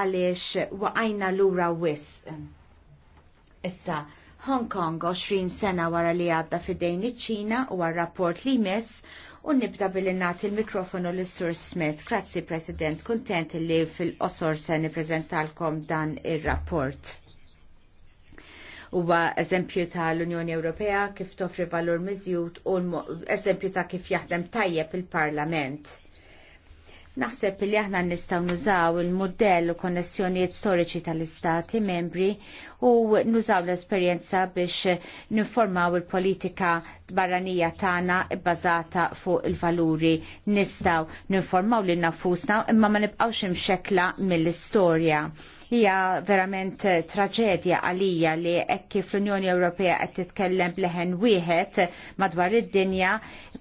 għaliex waqajna lura wisq. Issa, Hong Kong 20 sena wara li għadda fidejn iċ-Ċina u għal rapport li mess u nibda billi nagħti l-mikrofonu lis sur Smith. Grazzi President, kontent li fil-qosor se niprezentalkom dan ir-rapport. Huwa eżempju tal-Unjoni Ewropea kif toffri valur miżjut u eżempju ta' kif jaħdem tajjeb il-Parlament Naħseb li aħna nistgħu nużaw il-modell u konnessjonijiet storiċi tal-istati membri u nużaw l-esperjenza biex ninformaw il-politika barranija tagħna bbażata fuq il-valuri. Nistgħu ninformaw lil nafusna imma ma nibqgħux imxekla mill-istorja Hija verament traġedja għalija li hekk kif l-Unjoni Ewropea qed titkellem bleħen wieħed madwar id-dinja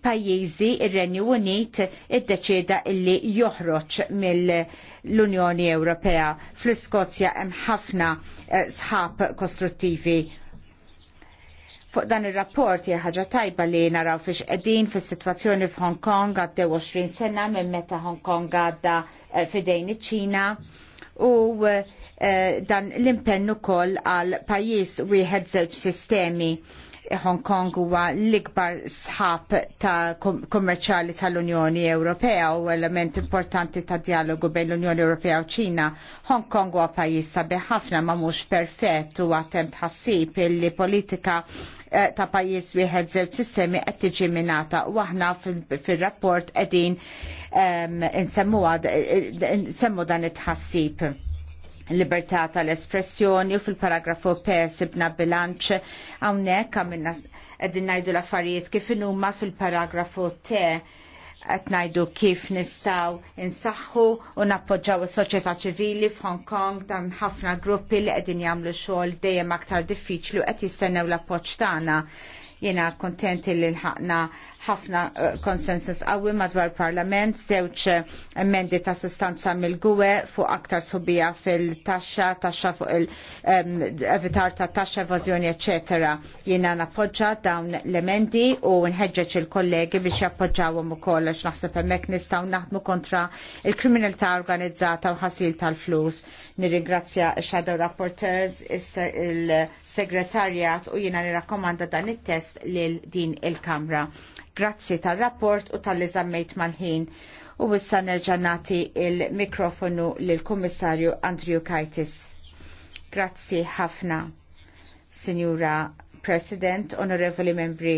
pajjiżi ir-Renju Unit iddeċieda illi joħroġ mill-Unjoni Ewropea. Fl-Iskozja hemm ħafna eh, sħab kostruttivi Fuq dan il-rapport hija ħaġa tajba li naraw fiex qegħdin fis-sitwazzjoni f'Hong Kong għaddew 20 sena minn meta Hong Kong għadda eh, fidejn iċ-Ċina u eh, eh, dan l-impennu kol għal pajis wieħed żewġ sistemi. Hong Kong huwa l-ikbar sħab ta' kummerċjali tal-Unjoni Ewropea u element importanti ta' dialogu bejn l-Unjoni Ewropea u Ċina. Hong Kong huwa pajjiż sabiħ ħafna ma mhux perfett u għatem tħassib li politika eh, ta' pajjiż wieħed żewġ sistemi qed tiġi minata u aħna fir-rapport qegħdin um, insemmu dan it-tħassib libertà tal-espressjoni u fil-paragrafu persibna bilanċ hawnhekk għamilna qegħdin ngħidu l-affarijiet kif numma fil-paragrafu te qed ngħidu kif nistgħu insaħħu u nappoġġaw is-soċjetà ċivili f'Hong Kong dan ħafna gruppi li qegħdin jagħmlu xogħol dejjem aktar diffiċli u qed jistennew l-appoġġ tagħna jena kontenti li l-ħakna ħafna eh, konsensus qawwi madwar parlament, żewġ eh, emendi ta' sustanza mill-gwe fuq aktar subija fil-taxxa, taxxa fuq il-evitar ta' taxxa evażjoni, ecc. Jiena nappoġġa dawn l-emendi u nħeġġeġ il-kollegi biex jappoġġawhom ukoll kollox naħseb emmek nistaw naħdmu kontra il-kriminalità organizzata u ħasil tal-flus. Nirringrazzja Shadow Rapporteurs, il-Segretarjat u jiena nirakkomanda dan it-test lil din il-Kamra. Grazzi tal-rapport u tal-eżammejt mal-ħin. U issa nerġa' nagħti il-mikrofonu lill-Kummissarju Andrew Kaitis. Grazzi ħafna, Signora President, Onorevoli Membri.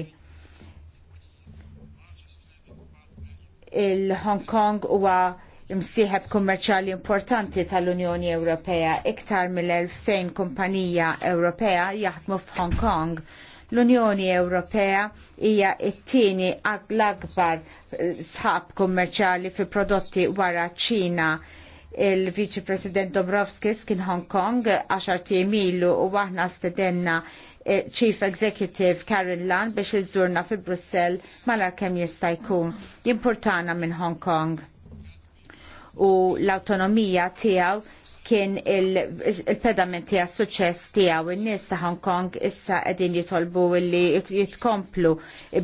Il-Hong Kong huwa imsieħeb kummerċali importanti tal-Unjoni Ewropea iktar mill-2000 kumpanija Ewropea jaħdmu f'Hong Kong L-Unjoni Ewropea hija t-tieni l-akbar eh, sħab kummerċjali fi prodotti wara ċina il-Viċi President Dobrovskis kien Hong Kong 10 milu ilu u aħna stedenna eh, Chief Executive Karen Lan biex iżżurna fi Brussell malar kemm jista' jkun. Jimpurtana minn Hong Kong u l-autonomija tiegħu kien il-pedament il tiegħu suċċess tiegħu in-nies ta' Hong Kong issa qegħdin jitolbu li jitkomplu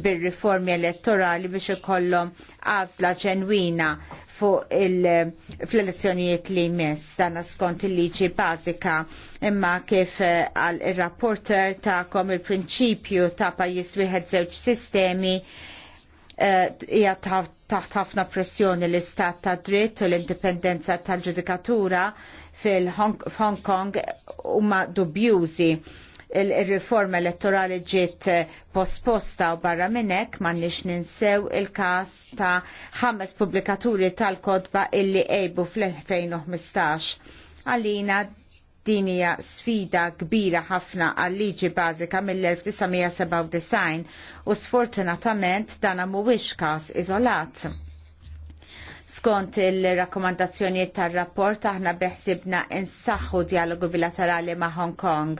bir-riformi elettorali biex ikollhom għażla ġenwina fuq fl-elezzjonijiet li jmiss dan skont il-liġi bażika imma kif eh, għal ir rapporter tagħkom il-prinċipju ta' pajjiż wieħed żewġ sistemi Eh, hija taħt ħafna pressjoni l-istat ta' dritt u l-indipendenza tal-ġudikatura fil-Hong Kong huma dubjużi il-riforma elettorali ġiet posposta u barra minnek m'għandniex ninsew il-kas ta' ħames publikaturi tal-kodba illi ejbu fl-2015. Alina, Din hija sfida kbira ħafna għal-liġi bażika mill-1997 u sfortunatament dan mhuwiex każ iżolat. Skont il-rakkomandazzjonijiet tar-rapport aħna beħsibna insaħħu dialogu bilaterali ma' Hong Kong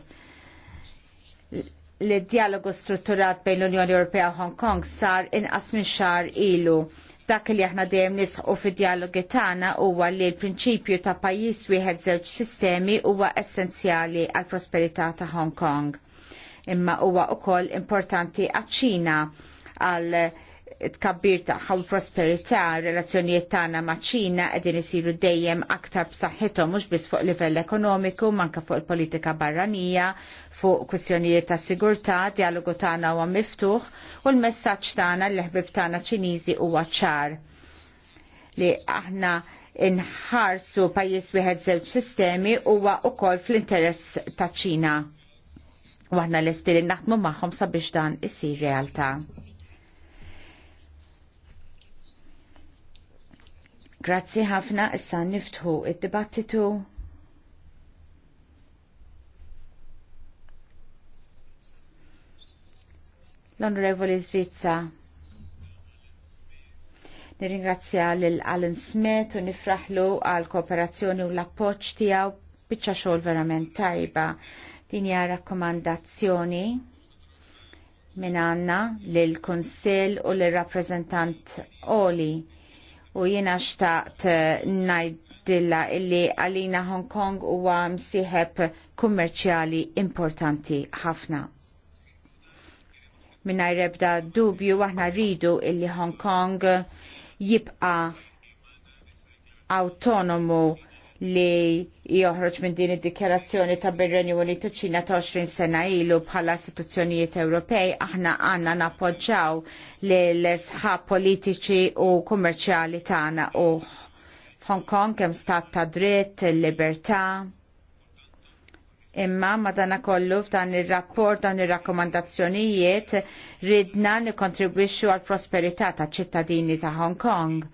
li d-dialogu strutturat bejn l-Unjoni Ewropea u Hong Kong sar inqas minn xahar ilu Dak li aħna dejjem nisħu fid-dialogi tagħna huwa li l-prinċipju ta' pajjiż wieħed żewġ sistemi huwa essenzjali għall prosperità ta' Hong Kong. Imma huwa wkoll importanti għaċ-Ċina għal tkabbir tagħha u prosperità relazzjonijiet tagħna ma' Ċina qegħdin isiru dejjem aktar b'saħħithom mhux biss fuq livell ekonomiku, manka fuq il-politika barranija, fuq kwistjonijiet ta' sigurtà, dialogu tagħna huwa miftuħ u l-messaġġ tagħna l-ħbib tagħna Ċiniżi huwa ċar li aħna inħarsu pajjiż wieħed żewġ sistemi huwa wkoll fl-interess ta' Ċina. U aħna lesti li naħdmu magħhom sabiex dan isir realtà. Grazzi ħafna issa niftħu id-dibattitu. L-Onorevoli Svizza. Nirringrazzja lil Alan Smith u nifraħlu għal kooperazzjoni u l-appoċ tiegħu biċċa xogħol verament tajba. Din hija rakkomandazzjoni minn għandna l-Konsil u l rappreżentant Oli u jiena xtaqt eh, najdilla illi għalina Hong Kong huwa siħeb kummerċjali importanti ħafna. Minna ebda dubju aħna rridu illi Hong Kong jibqa' autonomu li joħroġ minn din id-dikjarazzjoni ta' bir-Renju Unit u ċina ta' 20 sena ilu bħala istituzzjonijiet Ewropej aħna għanna napoġġaw li l-sħab politiċi u kummerċjali tagħna u Hong Kong hemm stat ta' dritt, libertà. Imma madana kollu f'dan ir-rapport dan ir-rakkomandazzjonijiet ridna nikkontribwixxu għall prosperità taċ ċittadini ta' Hong Kong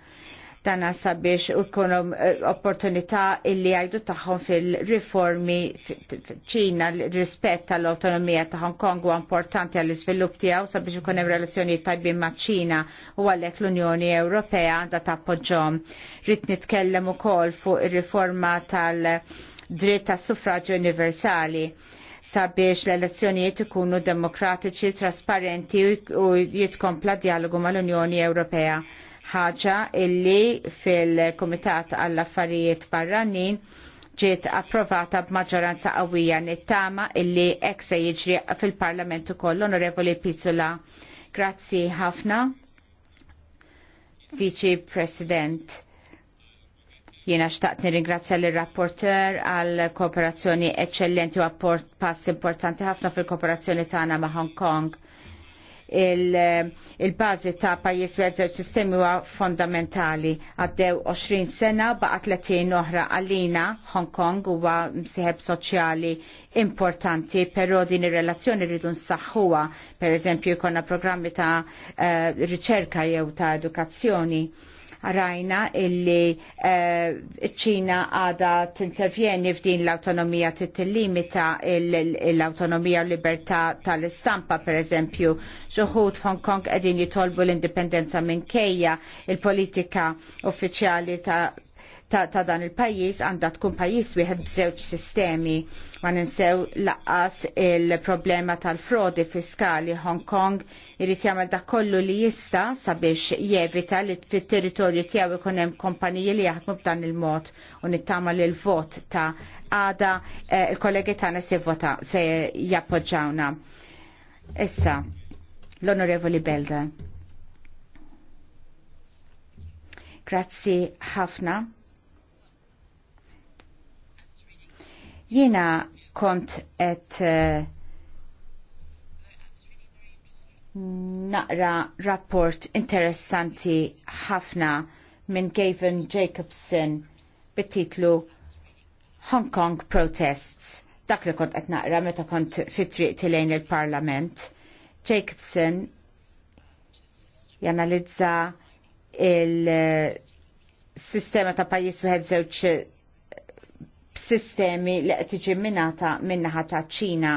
dana sabiex u jkunu eh, opportunità illi għajdu tagħhom fil reformi ċina rispett tal-autonomija ta' Hong Kong huwa importanti għall iżvilupp tiegħu sabiex ikun hemm relazzjonijiet tajbin ma' ċina u għalhekk l-Unjoni Ewropea għandha tappoġġhom. Rrid nitkellem ukoll fuq ir-riforma tal-dritt tas-suffraġġju universali sabiex l-elezzjonijiet ikunu demokratiċi, trasparenti u jitkompla dialogu mal-Unjoni Ewropea ħaġa illi fil-Komitat għall-Affarijiet Barranin ġiet approvata b'maġġoranza qawwija nittama illi hekk se jiġri fil-Parlament ukoll Onorevoli Pizzula. Grazzi ħafna. Viċi President. Jiena xtaqt nirringrazzja l rapporteur għal kooperazzjoni eccellenti u apport pass importanti ħafna fil-kooperazzjoni tagħna ma' Hong Kong il-bażi il ta' pajjiż wieħed żewġ sistemi huwa fondamentali. Għaddew 20 sena baqa' 30 oħra għalina Hong Kong huwa msieħeb soċjali importanti, però din ir-relazzjoni rridu nsaħħuha, pereżempju jkollna programmi ta' uh, riċerka jew ta' edukazzjoni Rajna illi eh, ċina għada t-intervjeni f'din l-autonomija t-tillimita l-autonomija u libertà tal-istampa, per eżempju, xoħut Hong Kong għedin jitolbu l-indipendenza minn kejja il-politika uffiċjali ta' ta', ta dan il-pajjiż għandha tkun pajjiż wieħed b'żewġ sistemi. Ma ninsew laqqas il-problema tal-frodi fiskali Hong Kong irid jagħmel dak kollu li jista' sabiex jevita li fit-territorju tiegħu ikun hemm kompaniji li jaħdmu b'dan il-mod u nittama li l-vot ta' għada eh, il-kollegi tagħna se vota se jappoġġawna. Issa, l-Onorevoli Belda. Grazzi ħafna. Jiena kont et uh, eh, naqra rapport interessanti ħafna minn Gavin Jacobson bit-titlu Hong Kong Protests. Dak li kont qed naqra meta kont fit-triq tilejn il-Parlament. Jacobson janalizza il-sistema eh, ta' pajjiż wieħed żewġ sistemi li qed tiġi minata minnaħa ta' ċina.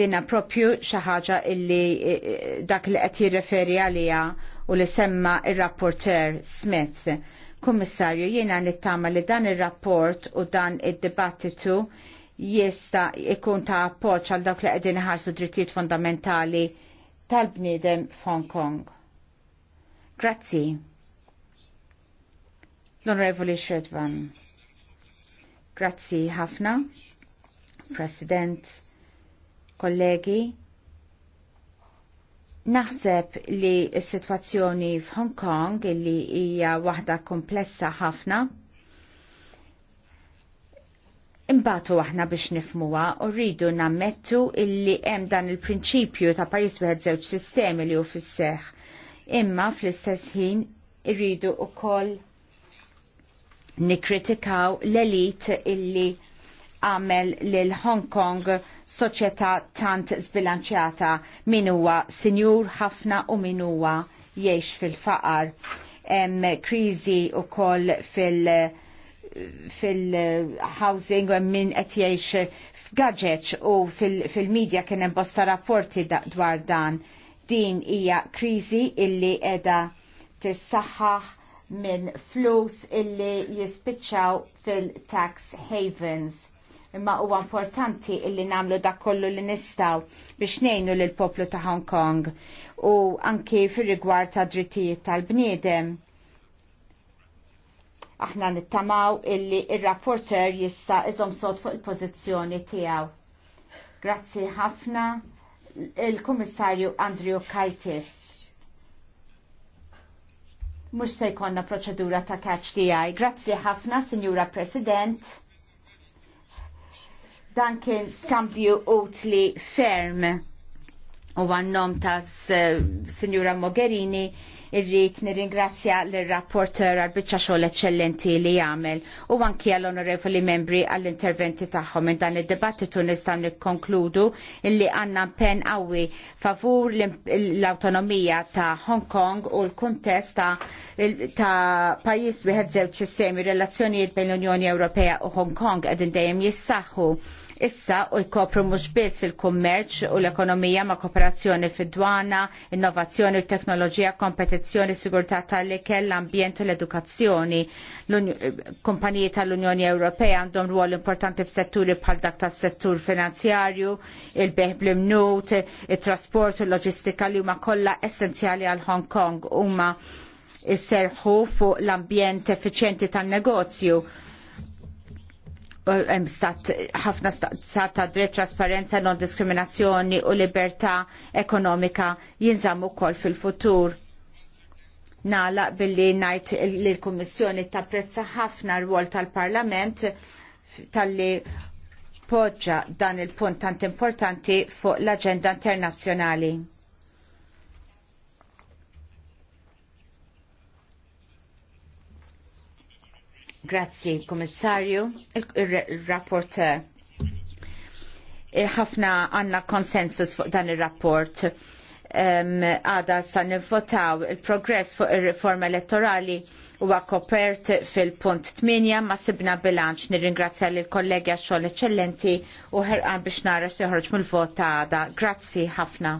Dinna propju xi ħaġa illi eh, eh, dak li qed jirreferi għaliha u li semma ir-rapporter Smith. Kummissarju, jiena nittama li dan ir-rapport u dan id-dibattitu jista ikun ta' appoġġ għal dawk li qegħdin iħarsu drittijiet fundamentali tal-bniedem f'Hong Kong. Grazzi. L-Onorevoli Shredvan. Grazzi ħafna, President, kollegi. Naħseb li s-situazzjoni f'Hong Kong li hija waħda komplessa ħafna imbatu aħna biex nifmuwa u rridu nammettu illi hemm dan il-prinċipju ta' pajjiż wieħed żewġ sistemi li u fisseħ. Imma fl-istess ħin irridu wkoll nikritikaw l-elit illi għamel lil Hong Kong soċjetà tant zbilanċjata min huwa sinjur ħafna u min huwa jgħix fil-faqar. Hemm kriżi wkoll fil- fil-housing u min qed jgħix f'gaġeġ u fil-medja kien hemm bosta rapporti dwar dan. Din hija kriżi illi qiegħda tissaħħaħ minn flus illi jispiċċaw fil-tax havens. Imma huwa importanti illi namlu dak kollu li nistaw biex nejnu lil poplu ta' Hong Kong u anki fir rigward ta' drittijiet tal-bniedem. Aħna nittamaw illi il-rapporter jista' iżom sot fuq il-pożizzjoni tiegħu. Grazzi ħafna il-Kummissarju Andrew Kaitis mux se jkonna proċedura ta' catch eye. Grazzi ħafna, Signora President. Dan kien skambju utli ferm u għannom ta' Signora Mogherini irrit nirringrazzja l-rapporter għal-bicċa xogħol eccellenti li jagħmel u anki għall-onorevoli membri għall-interventi tagħhom minn dan id-dibattitu nistgħu nikkonkludu illi għandna pen qawwi favur l-awtonomija ta' Hong Kong u l-kuntest ta', ta pajjiż wieħed żewġ sistemi relazzjonijiet bejn l-Unjoni Ewropea u Hong Kong qegħdin dejjem jissaħħu issa u jkopru mhux biss il-kummerċ u l-ekonomija ma' kooperazzjoni fid-dwana, innovazzjoni u teknoloġija, kompetizzjoni, sigurtà tal-ikel, l-ambjent u l-edukazzjoni. Kumpaniji tal-Unjoni Ewropea għandhom rwol importanti f'setturi bħal dak tas-settur finanzjarju, il-beħ bl-imnut, it-trasport u l-loġistika li huma kollha essenzjali għal Hong Kong huma isserħu fuq l-ambjent effiċjenti tan-negozju stat ħafna stat ta' dritt trasparenza, non diskriminazzjoni u libertà ekonomika jinżammu wkoll fil-futur. Nala billi ngħid li l-Kummissjoni tapprezza ħafna r-rwol tal-Parlament tal-li poġġa dan il-punt tant importanti fuq l-aġenda internazzjonali. Grazzi, Komissarju, il rapport eh, Ħafna għanna konsensus fuq dan il-rapport għada sa nivvotaw il-progress fuq il-riforma elettorali u kopert fil-punt 8 ma sibna bilanċ nirringrazzja l kollega xogħol eccellenti u ħerqan biex nara seħroġ mill-vot għada. Grazzi ħafna.